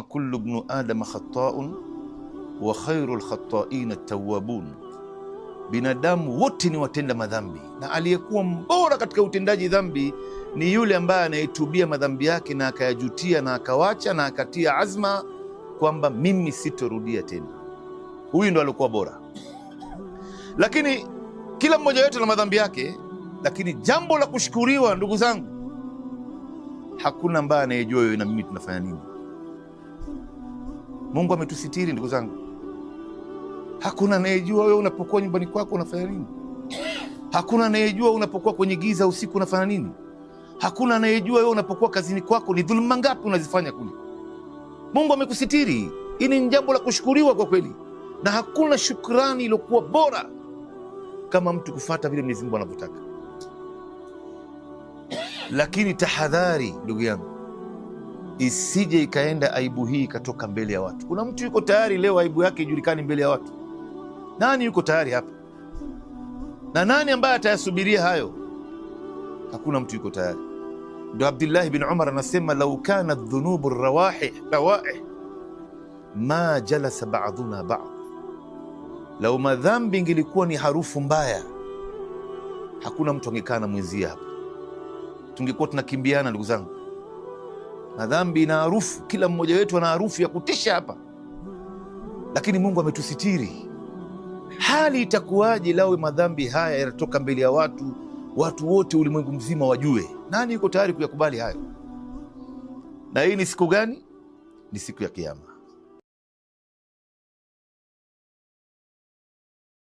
Kullu bnu adama khataun wa khairu lkhataina tawabun, binadamu wote ni watenda madhambi na aliyekuwa mbora katika utendaji dhambi ni yule ambaye anaitubia madhambi yake na akayajutia na akawacha na akatia azma kwamba mimi sitorudia tena. Huyu ndo alikuwa bora, lakini kila mmoja wetu na madhambi yake. Lakini jambo la kushukuriwa, ndugu zangu, hakuna ambaye anayejua wewe na mimi tunafanya nini Mungu ametusitiri ndugu zangu, hakuna anayejua wewe unapokuwa nyumbani kwako unafanya nini. Hakuna anayejua unapokuwa kwenye giza usiku unafanya nini. Hakuna anayejua wewe unapokuwa kazini kwako ni dhuluma ngapi unazifanya kule. Mungu amekusitiri. Hili ni jambo la kushukuriwa kwa kweli, na hakuna shukrani iliyokuwa bora kama mtu kufata vile Mwenyezi Mungu anavyotaka. Lakini tahadhari ndugu yangu isije ikaenda aibu hii ikatoka mbele ya watu. Kuna mtu yuko tayari leo aibu yake ijulikani mbele ya watu? Nani yuko tayari hapa? Na nani ambaye atayasubiria hayo? Hakuna mtu yuko tayari. Ndo Abdullahi bin Umar anasema lau kana dhunubu rawaih ma jalasa baduna bad, lau madhambi ngilikuwa ni harufu mbaya, hakuna mtu angekaa na mwenzia hapa, tungekuwa tunakimbiana. Ndugu zangu madhambi na harufu. Kila mmoja wetu ana harufu ya kutisha hapa, lakini Mungu ametusitiri. Hali itakuwaje lawe madhambi haya yatatoka mbele ya watu, watu wote ulimwengu mzima wajue? Nani yuko tayari kuyakubali hayo? Na hii ni siku gani? Ni siku ya Kiama.